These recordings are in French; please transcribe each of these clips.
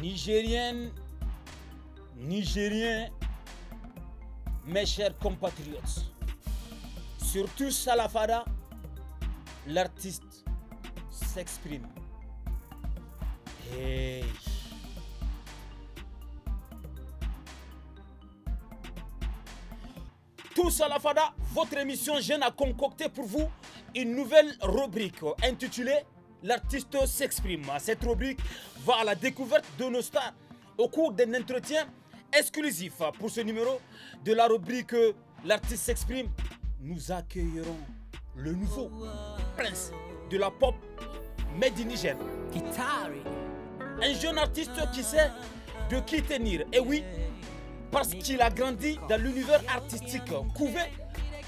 Nigérienne, Nigérien, mes chers compatriotes, surtout Salafada, l'artiste s'exprime. Hey. Tous à la Fada, votre émission Jeune a concocté pour vous une nouvelle rubrique intitulée l'artiste s'exprime. Cette rubrique va à la découverte de nos stars au cours d'un entretien exclusif. Pour ce numéro de la rubrique L'artiste s'exprime, nous accueillerons le nouveau prince de la pop Made in Niger. Un jeune artiste qui sait de qui tenir. Et oui, parce qu'il a grandi dans l'univers artistique, couvert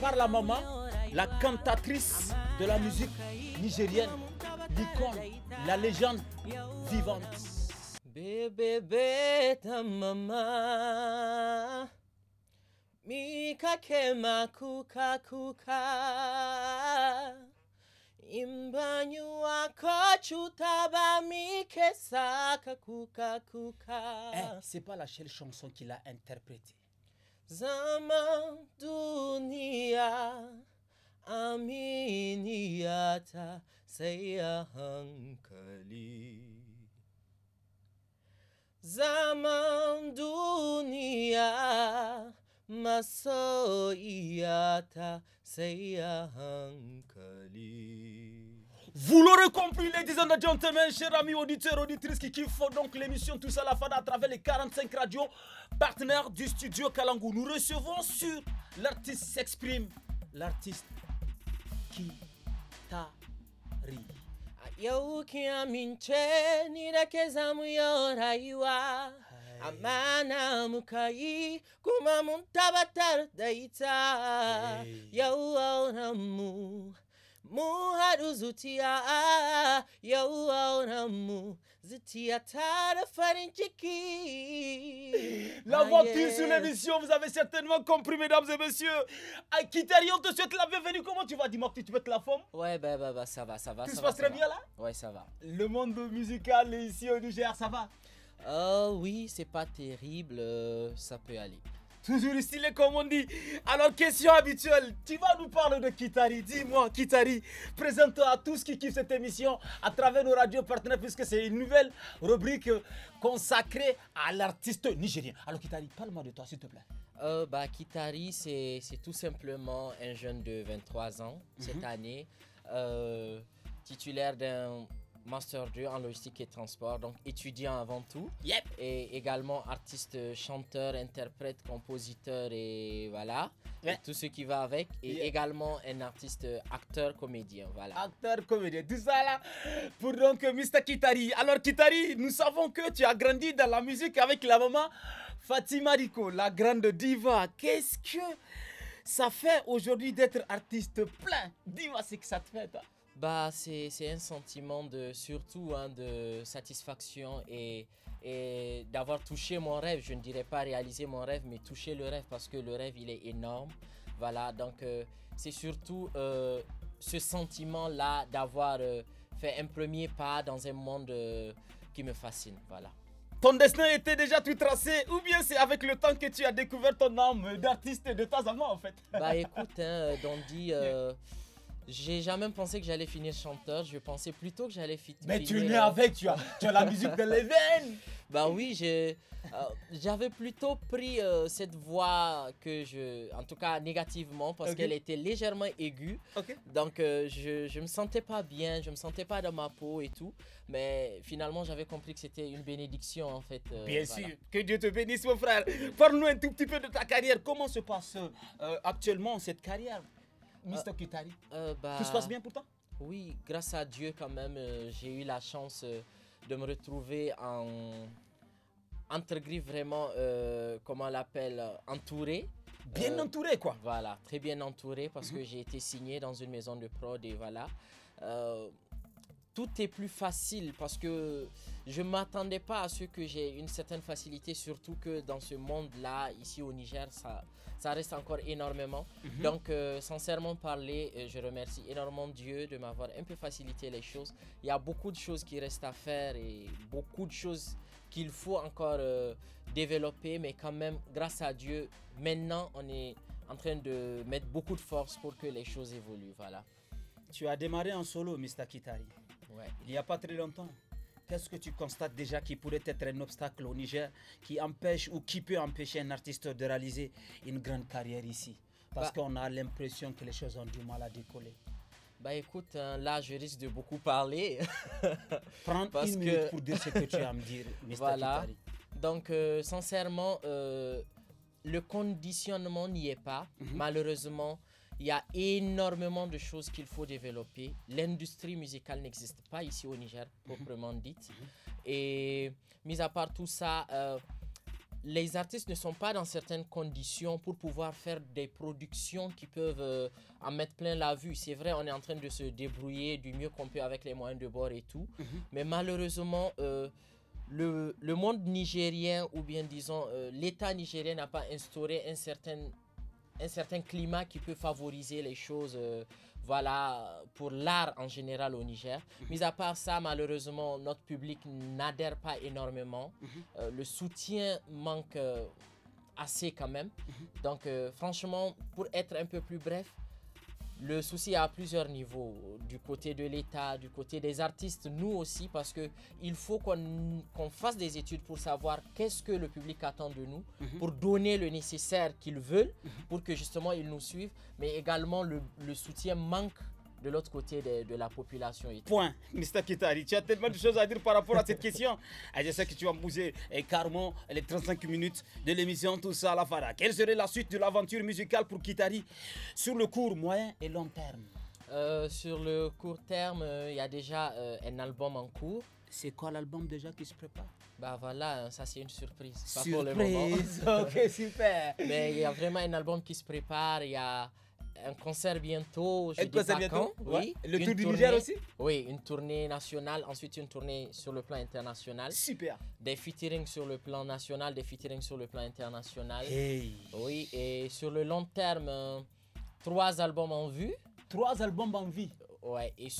par la maman, la cantatrice de la musique nigérienne la légende vivante. Bébé, bébé, ta maman. Kema kuka kuka imbanyu wako saka kuka kuka eh, c'est pas la seule chanson qu'il a interprétée zaman dunia hankali Vous l'aurez compris, ladies and gentlemen, chers amis auditeurs, auditrices qui kiffent donc l'émission Tous à la fin à travers les 45 radios partenaires du studio Kalangu. Nous recevons sur l'artiste s'exprime, l'artiste kitari yau ki amince ni da zamu yau amana muka yi kuma mun tabbatar da ita yau La ya ah, sur l'émission, vous avez certainement compris, mesdames et messieurs. A qui on te souhaite la bienvenue. Comment tu vas, que Tu être la forme Ouais, bah, bah, bah, ça va, ça va. Tout ça se passe très bien là Ouais, ça va. Le monde musical ici au Niger, ça va Oh oui, c'est pas terrible, euh, ça peut aller. Toujours stylé comme on dit. Alors, question habituelle, tu vas nous parler de Kitari. Dis-moi, Kitari, présente-toi à tous qui kiffent cette émission à travers nos radios partenaires, puisque c'est une nouvelle rubrique consacrée à l'artiste nigérien. Alors, Kitari, parle-moi de toi, s'il te plaît. Euh, bah, Kitari, c'est tout simplement un jeune de 23 ans cette mhm. année, euh, titulaire d'un Master 2 en logistique et transport, donc étudiant avant tout. Yep. Et également artiste, chanteur, interprète, compositeur et voilà. tout ce qui va avec. Et également un artiste, acteur, comédien. Voilà. Acteur, comédien. Tout ça là pour donc Mr. Kitari. Alors Kitari, nous savons que tu as grandi dans la musique avec la maman Fatima Rico, la grande diva. Qu'est-ce que ça fait aujourd'hui d'être artiste plein Dis-moi ce que ça te fait toi. Bah, c'est un sentiment de surtout hein, de satisfaction et, et d'avoir touché mon rêve. Je ne dirais pas réaliser mon rêve, mais toucher le rêve parce que le rêve, il est énorme. Voilà, donc euh, c'est surtout euh, ce sentiment-là d'avoir euh, fait un premier pas dans un monde qui me fascine. Voilà. Ton destin était déjà tout tracé ou bien c'est avec le temps que tu as découvert ton âme d'artiste de temps en en fait Bah écoute, hein, Dondi... J'ai jamais pensé que j'allais finir chanteur, je pensais plutôt que j'allais finir. Mais tu es euh, avec, tu as, tu as la musique de Leven Bah oui, euh, j'avais plutôt pris euh, cette voix que je. En tout cas, négativement, parce qu'elle était légèrement aiguë. Donc je, je me sentais pas bien, je me sentais pas dans ma peau et tout. Mais finalement, j'avais compris que c'était une bénédiction en fait. bien sûr, que Dieu te bénisse, mon frère. Parle-nous un tout petit peu de ta carrière. Comment se passe actuellement cette carrière Mr Kitari euh, euh, bah, Tout se passe bien pour toi Oui, grâce à Dieu quand même, euh, j'ai eu la chance de me retrouver en entre vraiment, comment on l'appelle, entouré. Bien entouré quoi Voilà, très bien entouré parce mhm. que j'ai été signé dans une maison de prod et voilà tout est plus facile parce que je m'attendais pas à ce que j'ai une certaine facilité, surtout que dans ce monde-là, ici au Niger, ça, reste encore énormément. Mhm. Donc, euh, sincèrement parlé, euh, je remercie énormément Dieu de m'avoir un peu facilité les choses. Il y a beaucoup de choses qui restent à faire et beaucoup de choses qu'il faut encore euh, développer, mais quand même, grâce à Dieu, maintenant, on est en train de mettre beaucoup de force pour que les choses évoluent. Voilà. Tu as démarré en solo, Mr. Kitari. Il n'y a pas très longtemps. Qu'est-ce que tu constates déjà qui pourrait être un obstacle au Niger qui empêche ou qui peut empêcher un artiste de réaliser une grande carrière ici Parce bah- qu'on a l'impression que les choses ont du mal à décoller. Bah écoute, hein, là je risque de beaucoup parler. Prends Parce une que... minute pour dire ce que tu as à me dire, Mr. Voilà. Donc euh, sincèrement, euh, le conditionnement n'y est pas. Mhm. Malheureusement, il y a énormément de choses qu'il faut développer. L'industrie musicale n'existe pas ici au Niger, mhm. proprement dite. Mhm. Et mis à part tout ça, euh, les artistes ne sont pas dans certaines conditions pour pouvoir faire des productions qui peuvent euh, en mettre plein la vue. C'est vrai, on est en train de se débrouiller du mieux qu'on peut avec les moyens de bord et tout. Mhm. Mais malheureusement, euh, le, monde nigérien, ou bien disons, l'État nigérien n'a pas instauré un certain un certain climat qui peut favoriser les choses euh, voilà, pour l'art en général au Niger. Mhm. Mis à part ça, malheureusement, notre public n'adhère pas énormément. Mhm. Euh, le soutien manque euh, assez quand même. Mhm. Donc franchement, pour être un peu plus bref, le souci est à plusieurs niveaux, du côté de l'État, du côté des artistes, nous aussi, parce que il faut qu'on fasse des études pour savoir qu'est-ce que le public attend de nous, mhm. pour donner le nécessaire qu'ils veulent, mhm. pour que justement ils nous suivent, mais également le soutien manque de l'autre côté de, la population. Point. Mr. Kitari, tu as tellement de choses à dire par rapport à cette question. Et je sais que tu vas bouger et eh, carrément les 35 minutes de l'émission Tout ça à la Fara. Quelle serait la suite de l'aventure musicale pour Kitari sur le court, moyen et long terme euh, sur le court terme, euh, il y a déjà euh, un album en cours. C'est quoi l'album déjà qui se prépare Bah voilà, hein, ça c'est une surprise. surprise. ok, super. Mais il y a vraiment un album qui se prépare. Il y a un concert bientôt. Je un concert bientôt oui. Le tour du Niger aussi Oui, une tournée nationale, ensuite une tournée sur le plan international. Super. Des featuring sur le plan national, des featuring sur le plan international. Oui, et sur le long terme, euh, trois albums en vue. Trois albums en vue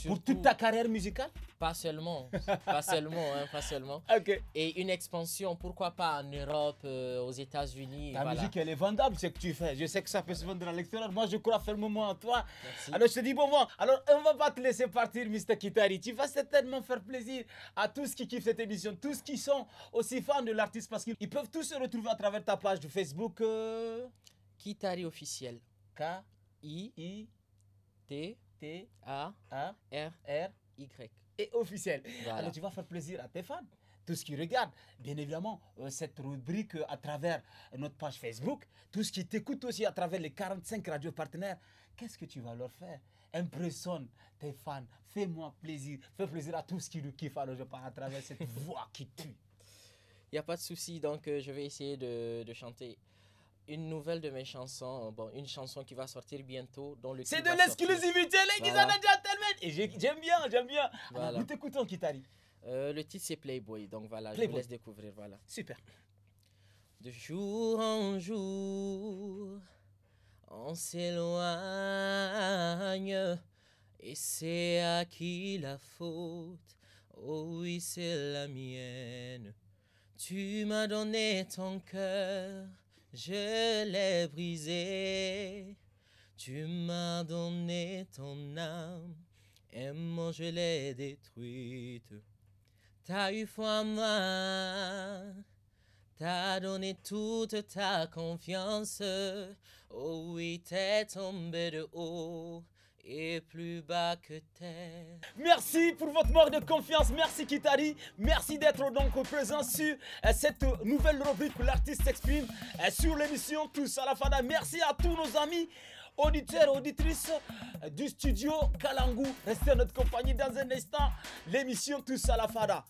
pour toute ta carrière musicale Pas seulement, pas seulement, hein, pas seulement. Et une expansion, pourquoi pas en Europe, euh, aux États-Unis. Ta musique, elle est vendable, ce que tu fais. Je sais que ça peut se vendre à l'extérieur. Moi, je crois fermement en toi. Alors, je te dis bon vent. Alors, on va pas te laisser partir, Mr. Kitari. Tu vas certainement faire plaisir à tous qui kiffent cette émission, tous qui sont aussi fans de l'artiste, parce qu'ils peuvent tous se retrouver à travers ta page de Facebook. Euh. Kitari officiel. K-I-I-T. T A R R Y et officiel. Alors tu vas faire plaisir à tes fans tout ce qui regarde, bien évidemment, euh, cette rubrique euh, à travers notre page Facebook, tout ce qui t'écoute aussi à travers les 45 radios partenaires, qu'est-ce que tu vas leur faire Impressionne tes fans, fais-moi plaisir, fais plaisir à tous qui nous kiffent. Alors je parle à travers cette voix qui tue. Il n'y a pas de souci, donc euh, je vais essayer de, de chanter une nouvelle de mes chansons, bon, une chanson qui va sortir bientôt. dans le C'est de l'exclusivité, les voilà. Et j'aime bien, j'aime bien. Voilà. nous t'écoutons, euh, le titre c'est Playboy, donc voilà, je vous laisse découvrir, voilà. Super. De jour en jour, on s'éloigne et c'est à qui la faute Oh oui, c'est la mienne. Tu m'as donné ton cœur je l'ai brisé. Tu m'as donné ton âme, et moi je l'ai détruite. T'as eu foi en moi, t'as donné toute ta confiance. Oh oui, t'es tombé de haut, et plus bas que terre. Merci pour votre mort de confiance, merci Kitari, merci d'être donc présent sur euh, cette nouvelle rubrique où l'artiste s'exprime euh, sur l'émission Tous à la Fada. Merci à tous nos amis. Auditeurs, auditrices euh, du studio Kalangu, restez à notre compagnie dans un instant, l'émission Tous à la Fada.